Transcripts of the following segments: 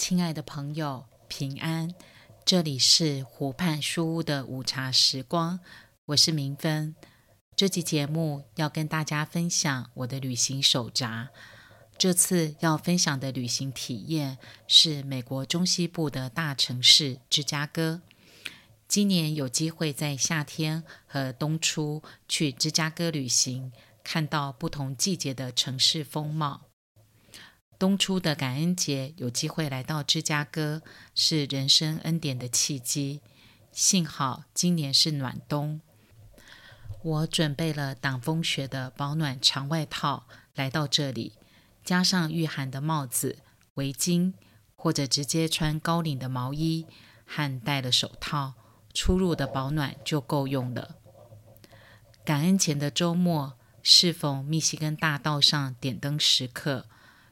親愛的朋友，平安，這裡是湖畔書屋的午茶時光，我是明芬。這期節目要跟大家分享我的旅行手札。這次要分享的旅行體驗是美國中西部的大城市芝加哥。今年有機會在夏天和冬初去芝加哥旅行，看到不同季節的城市風貌。冬初的感恩節有機會來到芝加哥，是人生恩典的契機。幸好今年是暖冬，我準備了擋風雪的保暖長外套，來到這裡，加上御寒的帽子、圍巾，或者直接穿高領的毛衣還，戴了手套，出入的保暖就夠用了。感恩節前的周末，適逢密西根大道上點燈時刻，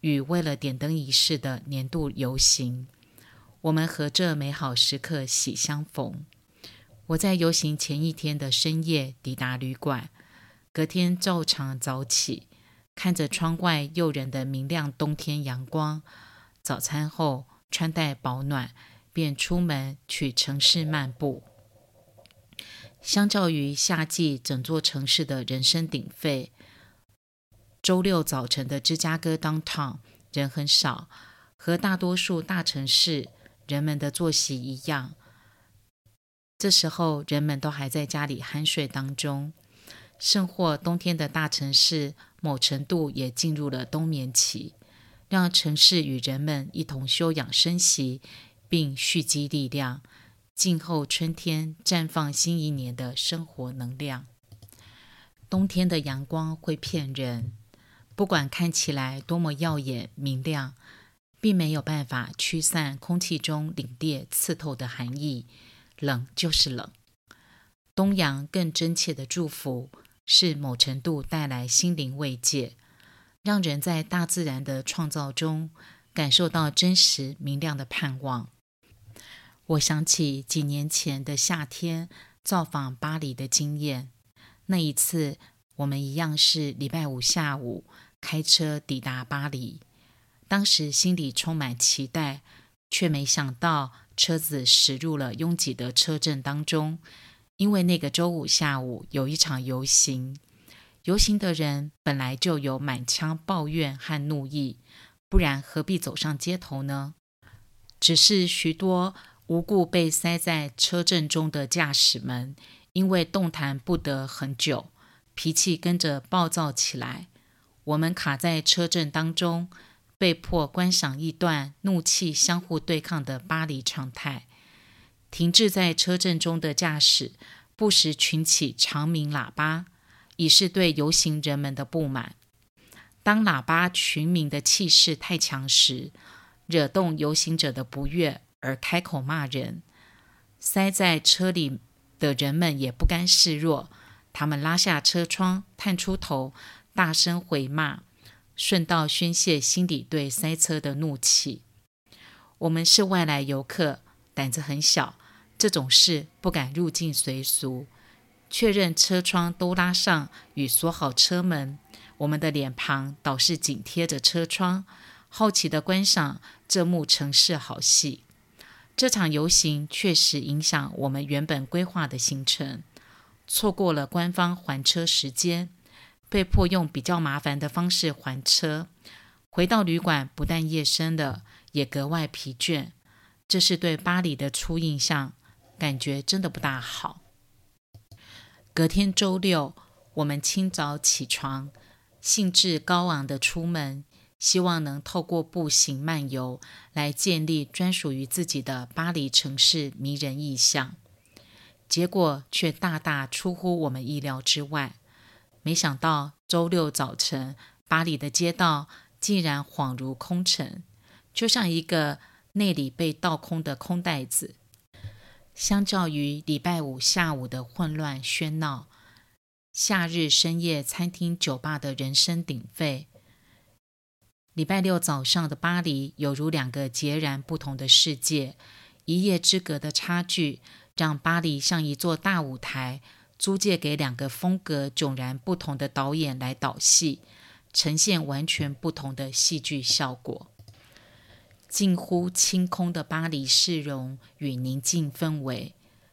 與為了點燈儀式的年度遊行，我們和這美好時刻喜相逢。我在遊行前一天的深夜抵達旅館，隔天照常早起，看着窗外誘人的明亮冬天陽光。早餐後，穿戴保暖，便出門去城市漫步。相較於夏季，整座城市的人聲鼎沸。周六早晨的芝加哥 Downtown 人很少，和大多數大城市人們的作息一樣。這時候人們都還在家裡酣睡當中，甚或冬天的大城市某程度也進入了冬眠期，讓城市與人們一同休養生息，並蓄積力量，靜候春天綻放新一年的生活能量。冬天的陽光會騙人。不管看起來多麼耀眼明亮，並沒有辦法驅散空氣中凛冽刺透的寒意。冷就是冷。冬陽更真切的祝福是某程度帶來心靈慰藉，讓人在大自然的創造中感受到真實明亮的盼望。我想起幾年前的夏天造訪巴黎的經驗，那一次我們一樣是禮拜五下午。開車抵達巴黎，當時心裡充滿期待，卻沒想到車子駛入了擁擠的車陣當中。因為那個周五下午有一場遊行，遊行的人本來就有滿腔抱怨和怒意，不然何必走上街頭呢？只是許多無故被塞在車陣中的駕駛們，因為動彈不得很久，脾氣跟着暴躁起來。我們卡在車陣當中，被迫觀賞一段怒氣相互對抗的巴黎常態。停滯在車陣中的駕駛，不時群起長鳴喇叭，以示對游行人們的不滿。當喇叭群鳴的氣勢太強時，惹動游行者的不悅而開口罵人。塞在車裡的人們也不甘示弱，他們拉下車窗，探出頭。大聲回罵，順道宣泄心底對塞車的怒氣。我們是外來遊客，膽子很小，這種事不敢入境隨俗。確認車窗都拉上與鎖好車門，我們的臉龐倒是緊貼着車窗，好奇地觀賞這幕城市好戲。這場遊行確實影響我們原本規劃的行程，錯過了官方還車時間。被迫用比較麻煩的方式還車，回到旅館，不但夜深了，也格外疲倦。這是對巴黎的初印象，感覺真的不大好。隔天周六，我們清早起床，興致高昂地出門，希望能透過步行漫遊來建立專屬於自己的巴黎城市迷人意象。結果卻大大出乎我們意料之外。沒想到周六早晨，巴黎的街道竟然恍如空城，就像一個內裡被倒空的空袋子。相較於禮拜五下午的混亂喧鬧，夏日深夜餐廳酒吧的人聲鼎沸，禮拜六早上的巴黎有如兩個截然不同的世界。一夜之隔的差距，讓巴黎像一座大舞台。租借給兩個風格迥然不同的導演來導戲，呈現完全不同的戲劇效果。近乎清空的巴黎市容與寧靜氛圍，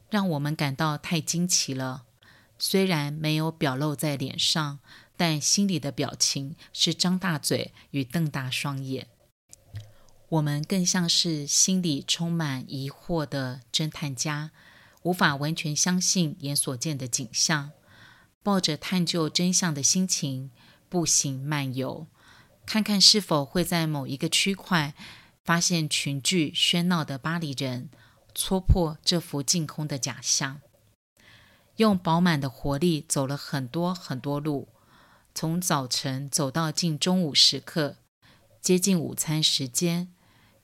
讓我們感到太驚奇了。雖然沒有表露在臉上，但心裡的表情是張大嘴與瞪大雙眼。我們更像是心裡充滿疑惑的偵探家。無法完全相信眼所見的景象，抱着探究真相的心情步行漫遊，看看是否會在某一個區塊發現群聚喧鬧的巴黎人，戳破這幅淨空的假象。用飽滿的活力走了很多很多路，從早晨走到近中午時刻，接近午餐時間，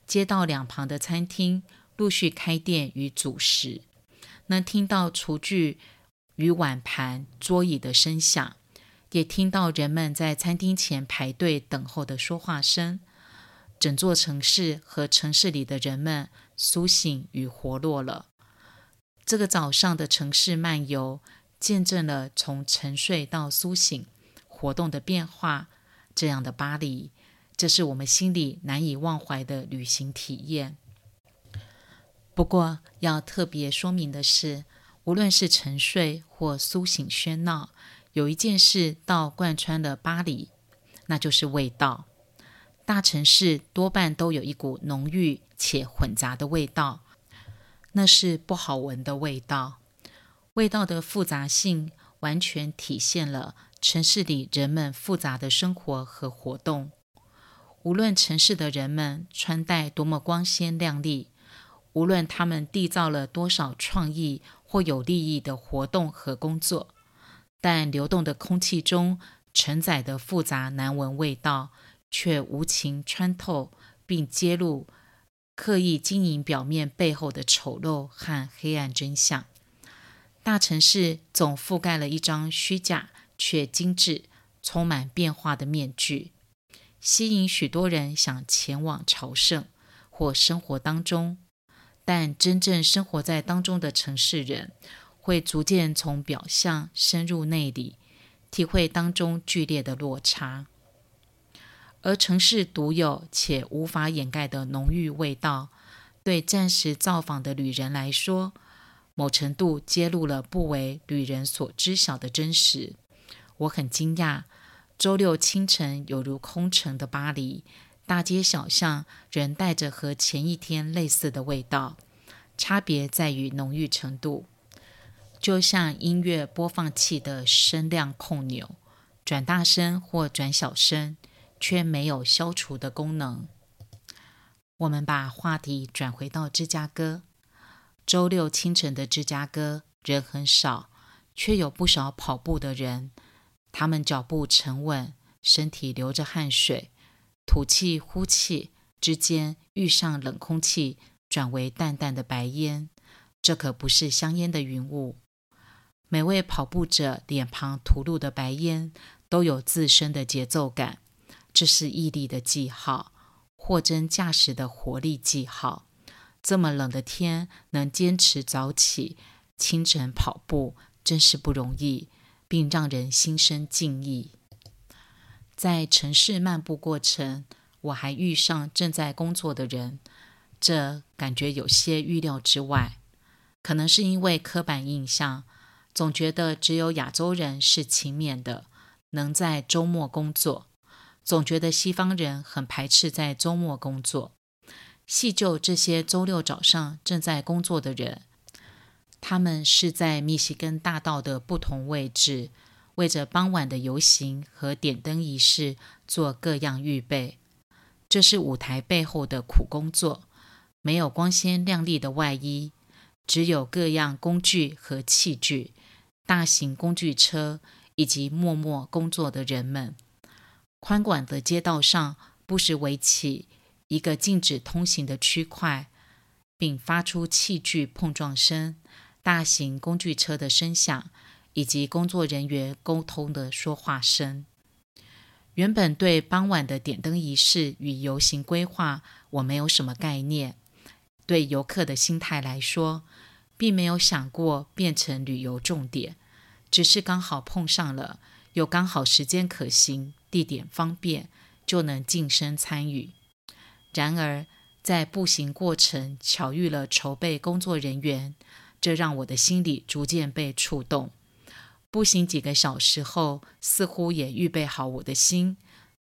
街道兩旁的餐廳陸續開店與煮食。能聽到廚具與碗盤、桌椅的聲響，也聽到人們在餐廳前排隊等候的說話聲。整座城市和城市裡的人們甦醒與活絡了。這個早上的城市漫遊，見證了從沉睡到甦醒、活動的變化。這樣的巴黎，這是我們心裡難以忘懷的旅行體驗。不過，要特別說明的是，無論是沉睡或甦醒，喧鬧，有一件事倒貫穿了巴黎，那就是味道。大城市多半都有一股濃郁且混雜的味道，那是不好聞的味道。味道的複雜性完全體現了城市裡人們複雜的生活和活動。無論城市的人們穿戴多麼光鮮亮麗。無論他們締造了多少創意或有利益的活動和工作，但流動的空氣中承載的複雜難聞味道，卻無情穿透並揭露刻意經營表面背後的醜陋和黑暗真相。大城市總覆蓋了一張虛假卻精緻、充滿變化的面具，吸引許多人想前往朝聖或生活當中。但真正生活在當中的城市人，會逐漸從表象深入內裡，體會當中劇烈的落差。而城市獨有且無法掩蓋的濃郁味道，對暫時造訪的旅人來說，某程度揭露了不為旅人所知曉的真實。我很驚訝，周六清晨有如空城的巴黎。大街小巷仍帶着和前一天類似的味道，差別在於濃郁程度。就像音樂播放器的聲量控鈕，轉大聲或轉小聲，卻沒有消除的功能。我們把話題轉回到芝加哥。周六清晨的芝加哥人很少，卻有不少跑步的人。他們腳步沉穩，身體流着汗水。吐氣、呼氣之間遇上冷空氣，轉為淡淡的白煙。這可不是香煙的雲霧。每位跑步者臉龐吐露的白煙都有自身的節奏感，這是毅力的記號，貨真價實的活力記號。這麼冷的天，能堅持早起、清晨跑步，真是不容易，並讓人心生敬意。在城市漫步過程，我還遇上正在工作的人，這感覺有些預料之外。可能是因為刻板印象，總覺得只有亞洲人是勤勉的，能在周末工作；總覺得西方人很排斥在周末工作。細究這些周六早上正在工作的人，他們是在密西根大道的不同位置。為着傍晚的遊行和點燈儀式做各樣預備，這是舞台背後的苦工作。沒有光鮮亮麗的外衣，只有各樣工具和器具、大型工具車以及默默工作的人們。寬廣的街道上不時圍起一個禁止通行的區塊，並發出器具碰撞聲、大型工具車的聲響。以及工作人員溝通的說話聲。原本對傍晚的點燈儀式與遊行規劃，我沒有什麼概念。對遊客的心態來說，並沒有想過變成旅遊重點，只是剛好碰上了，又剛好時間可行、地點方便，就能近身參與。然而，在步行過程巧遇了籌備工作人員，這讓我的心裡逐漸被觸動。步行幾個小時後，似乎也預備好我的心，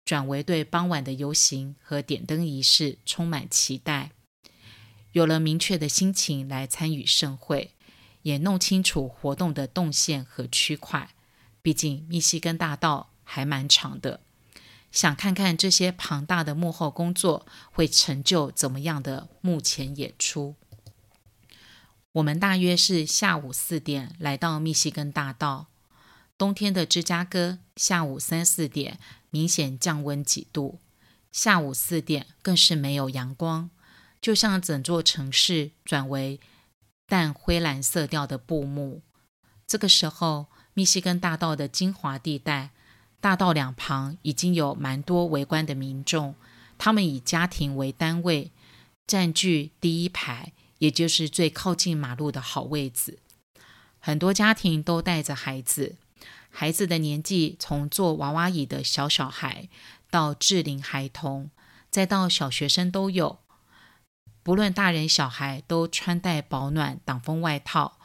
轉為對傍晚的遊行和點燈儀式充滿期待。有了明確的心情來參與盛會，也弄清楚活動的動線和區塊。畢竟密西根大道還蠻長的，想看看這些龐大的幕後工作會成就怎麼樣的幕前演出。我們大約是下午四點來到密西根大道。冬天的芝加哥，下午三四點明顯降溫幾度，下午四點更是沒有陽光，就像整座城市轉為淡灰藍色調的布幕。這個時候，密西根大道的精華地帶，大道兩旁已經有蠻多圍觀的民眾，他們以家庭為單位，佔據第一排，也就是最靠近馬路的好位置。很多家庭都帶着孩子。孩子的年紀從坐娃娃椅的小小孩，到適齡孩童，再到小學生都有。不論大人小孩都穿戴保暖擋風外套、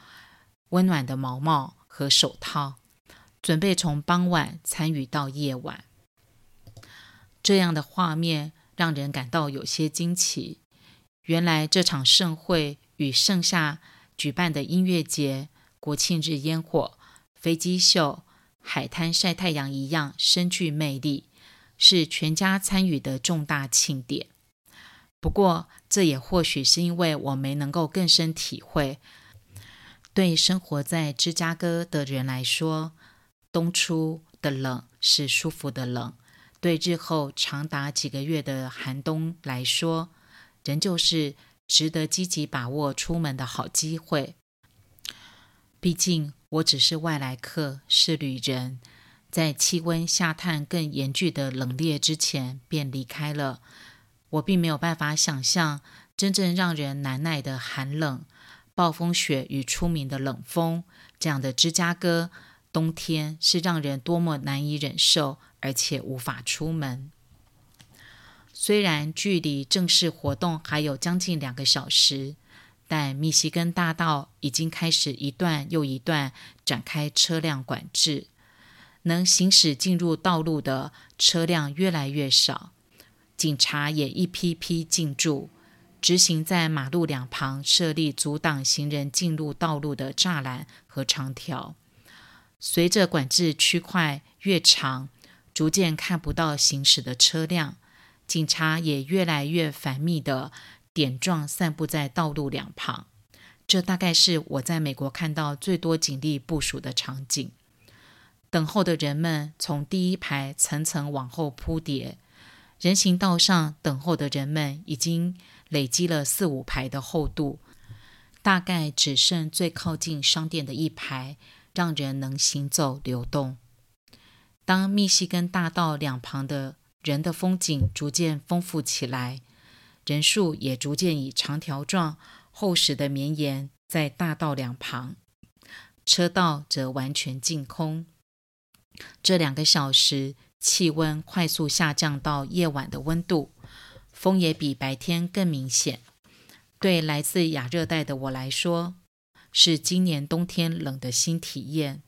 溫暖的毛帽和手套，準備從傍晚參與到夜晚。這樣的畫面讓人感到有些驚奇。原來這場盛會與盛夏舉辦的音樂節、國慶日煙火。飛機秀、海灘曬太陽一樣，深具魅力，是全家參與的重大慶典。不過，這也或許是因為我沒能夠更深體會，對生活在芝加哥的人來說，冬初的冷是舒服的冷。對日後長達幾個月的寒冬來說，仍舊是值得積極把握出門的好機會。畢竟。我只是外來客，是旅人，在氣溫下探更嚴峻的冷冽之前便離開了。我並沒有辦法想象真正讓人難耐的寒冷、暴風雪與出名的冷風，這樣的芝加哥冬天是讓人多麼難以忍受，而且無法出門。雖然距離正式活動還有將近兩個小時，但密西根大道已經開始一段又一段展開車輛管制，能行駛進入道路的車輛越來越少，警察也一批批進駐，執行在馬路兩旁設立阻擋行人進入道路的柵欄和長條。隨着管制區塊越長，逐漸看不到行駛的車輛，警察也越來越繁密的。點狀散佈在道路兩旁，這大概是我在美國看到最多警力部署的場景。等候的人們從第一排層層往後鋪疊，人行道上等候的人們已經累積了四五排的厚度，大概只剩最靠近商店的一排，讓人能行走流動。當密西根大道兩旁的人的風景逐漸豐富起來。人數也逐漸以長條狀、厚實的綿延在大道兩旁，車道則完全淨空。這兩個小時，氣溫快速下降到夜晚的溫度，風也比白天更明顯。對來自亞熱帶的我來說，是今年冬天冷的新體驗。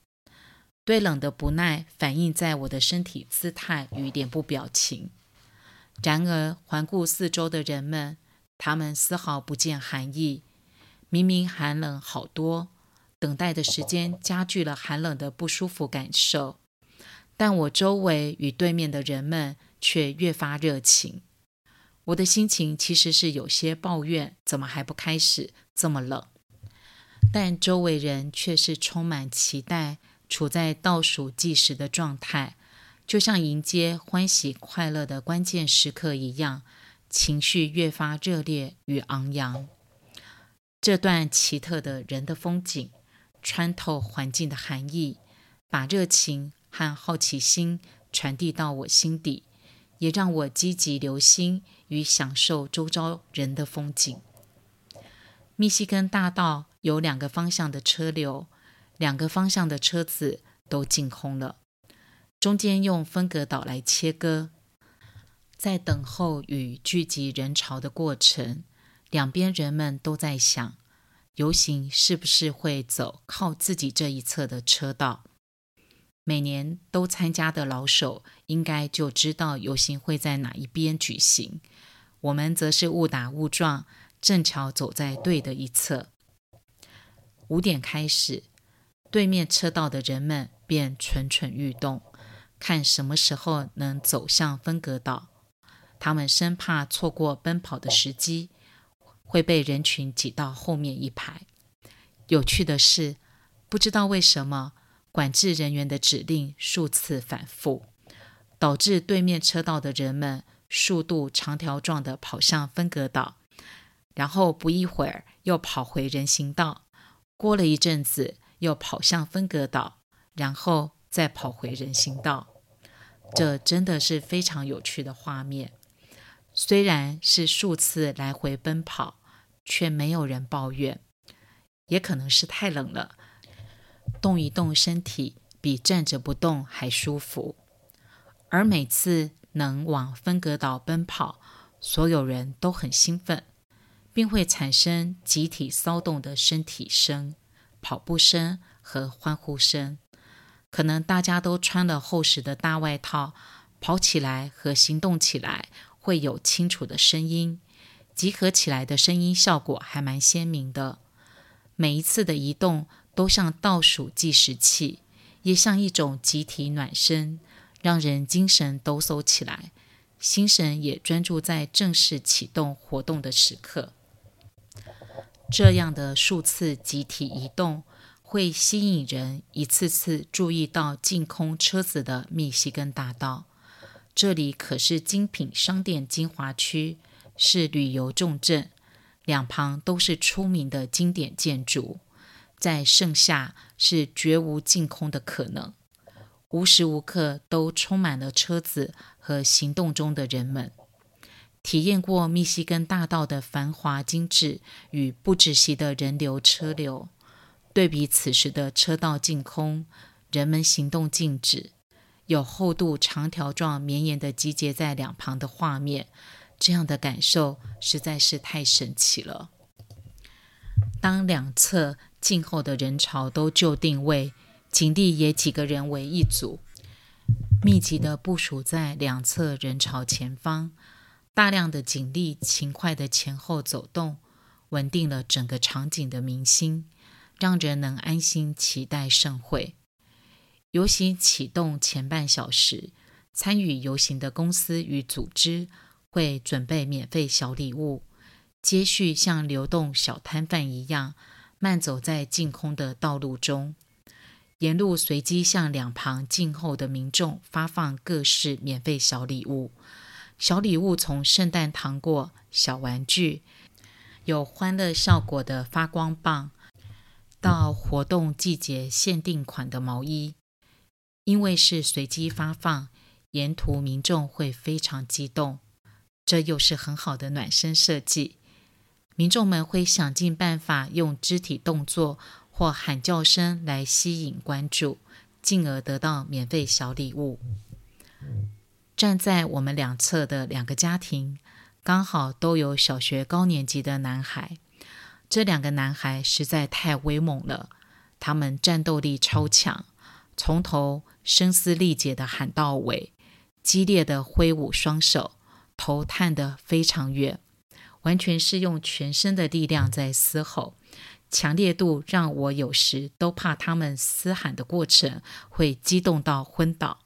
對冷的不耐反映在我的身體姿態與臉部表情。然而，環顧四周的人們，他們絲毫不見寒意。明明寒冷好多，等待的時間加劇了寒冷的不舒服感受。但我周圍與對面的人們卻越發熱情。我的心情其實是有些抱怨，怎麼還不開始？這麼冷。但周圍人卻是充滿期待，處在倒數計時的狀態。就像迎接歡喜快樂的關鍵時刻一樣，情緒越發熱烈與昂揚。這段奇特的人的風景，穿透環境的寒意，把熱情和好奇心傳遞到我心底，也讓我積極留心與享受周遭人的風景。密西根大道有兩個方向的車流，兩個方向的車子都淨空了。中間用分隔島來切割，在等候與聚集人潮的過程，兩邊人們都在想，遊行是不是會走靠自己這一側的車道？每年都參加的老手應該就知道遊行會在哪一邊舉行，我們則是誤打誤撞，正巧走在對的一側。五點開始，對面車道的人們便蠢蠢欲動。看什麼時候能走向分隔島，他們生怕錯過奔跑的時機，會被人群擠到後面一排。有趣的是，不知道為什麼，管制人員的指令數次反覆，導致對面車道的人們數度長條狀地跑向分隔島，然後不一會兒又跑回人行道，過了一陣子又跑向分隔島，然後。再跑回人行道，這真的是非常有趣的畫面。雖然是數次來回奔跑，卻沒有人抱怨。也可能是太冷了，動一動身體比站着不動還舒服。而每次能往分隔島奔跑，所有人都很興奮，並會產生集體騷動的身體聲、跑步聲和歡呼聲。可能大家都穿了厚實的大外套，跑起來和行動起來會有清楚的聲音，集合起來的聲音效果還蠻鮮明的。每一次的移動都像倒數計時器，也像一種集體暖身，讓人精神抖擻起來，心神也專注在正式啟動活動的時刻。這樣的數次集體移動，會吸引人一次次注意到淨空車子的密西根大道。這裡可是精品商店精華區，是旅遊重鎮，兩旁都是出名的經典建築。在盛夏，是絕無淨空的可能，無時無刻都充滿了車子和行動中的人們。體驗過密西根大道的繁華精緻與不止息的人流車流。對比此時的車道淨空，人們行動靜止，有厚度長條狀綿延的集結在兩旁的畫面，這樣的感受實在是太神奇了。當兩側靜候的人潮都就定位，警力也幾個人為一組，密集的部署在兩側人潮前方，大量的警力勤快的前後走動，穩定了整個場景的民心。讓人能安心期待盛會。遊行啟動前半小時，參與遊行的公司與組織會準備免費小禮物，接續像流動小攤販一樣，慢走在淨空的道路中，沿路隨機向兩旁靜候的民眾發放各式免費小禮物。小禮物從聖誕糖果、小玩具，有歡樂效果的發光棒。到活動季節限定款的毛衣，因為是隨機發放，沿途民眾會非常激動。這又是很好的暖身設計，民眾們會想盡辦法用肢體動作或喊叫聲來吸引關注，進而得到免費小禮物。站在我們兩側的兩個家庭，剛好都有小學高年級的男孩。這兩個男孩實在太威猛了，他們戰鬥力超強，從頭聲嘶力竭地喊到尾，激烈的揮舞雙手，頭探得非常遠，完全是用全身的力量在嘶吼，強烈度讓我有時都怕他們嘶喊的過程會激動到昏倒。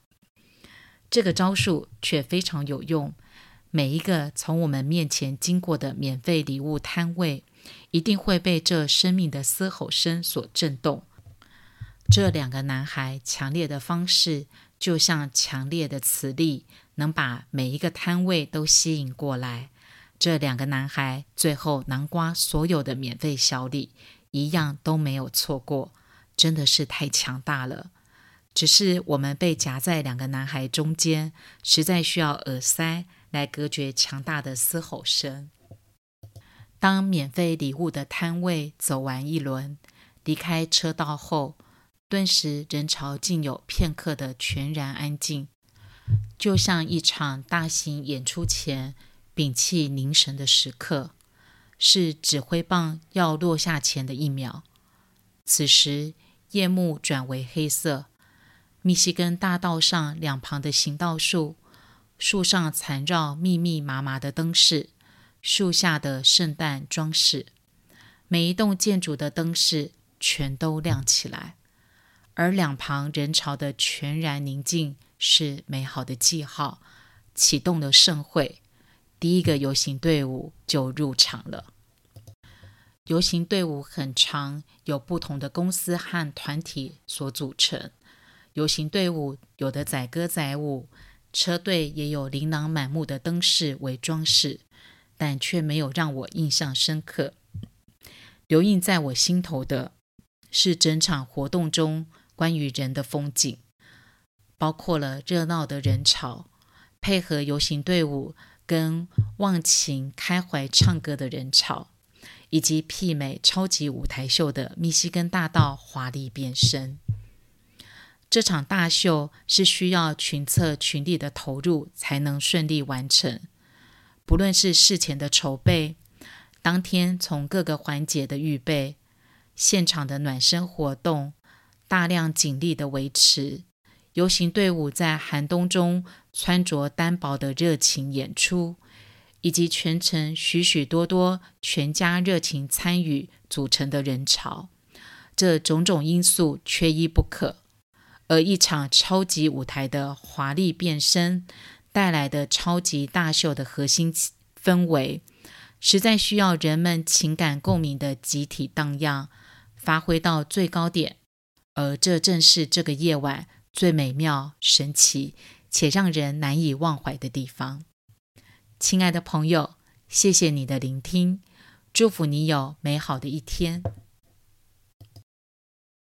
這個招數卻非常有用，每一個從我們面前經過的免費禮物攤位。一定會被這生命的嘶吼聲所震動。這兩個男孩強烈的方式，就像強烈的磁力，能把每一個攤位都吸引過來。這兩個男孩最後，囊括所有的免費小禮一樣都沒有錯過，真的是太強大了。只是我們被夾在兩個男孩中間，實在需要耳塞來隔絕強大的嘶吼聲。當免費禮物的攤位走完一輪，離開車道後，頓時人潮竟有片刻的全然安靜，就像一場大型演出前屏氣凝神的時刻，是指揮棒要落下前的一秒。此時夜幕轉為黑色，密西根大道上兩旁的行道樹，樹上纏繞密密麻麻的燈飾。樹下的聖誕裝飾，每一棟建築的燈飾全都亮起來，而兩旁人潮的全然寧靜是美好的記號，啟動了盛會。第一個遊行隊伍就入場了。遊行隊伍很長，有不同的公司和團體所組成。遊行隊伍有的載歌載舞，車隊也有琳琅滿目的燈飾為裝飾。但卻沒有讓我印象深刻。留印在我心頭的是整場活動中關於人的風景，包括了熱鬧的人潮、配合遊行隊伍跟忘情開懷唱歌的人潮，以及媲美超級舞台秀的密西根大道華麗變身。這場大秀是需要群策群力的投入才能順利完成。不論是事前的籌備，當天從各個環節的預備、現場的暖身活動、大量警力的維持、遊行隊伍在寒冬中穿着單薄的熱情演出，以及全程許許多多全家熱情參與組成的人潮，這種種因素缺一不可。而一場超級舞台的華麗變身。帶來的超級大秀的核心氛圍，實在需要人們情感共鳴的集體蕩漾發揮到最高點，而這正是這個夜晚最美妙、神奇且讓人難以忘懷的地方。親愛的朋友，謝謝你的聆聽，祝福你有美好的一天。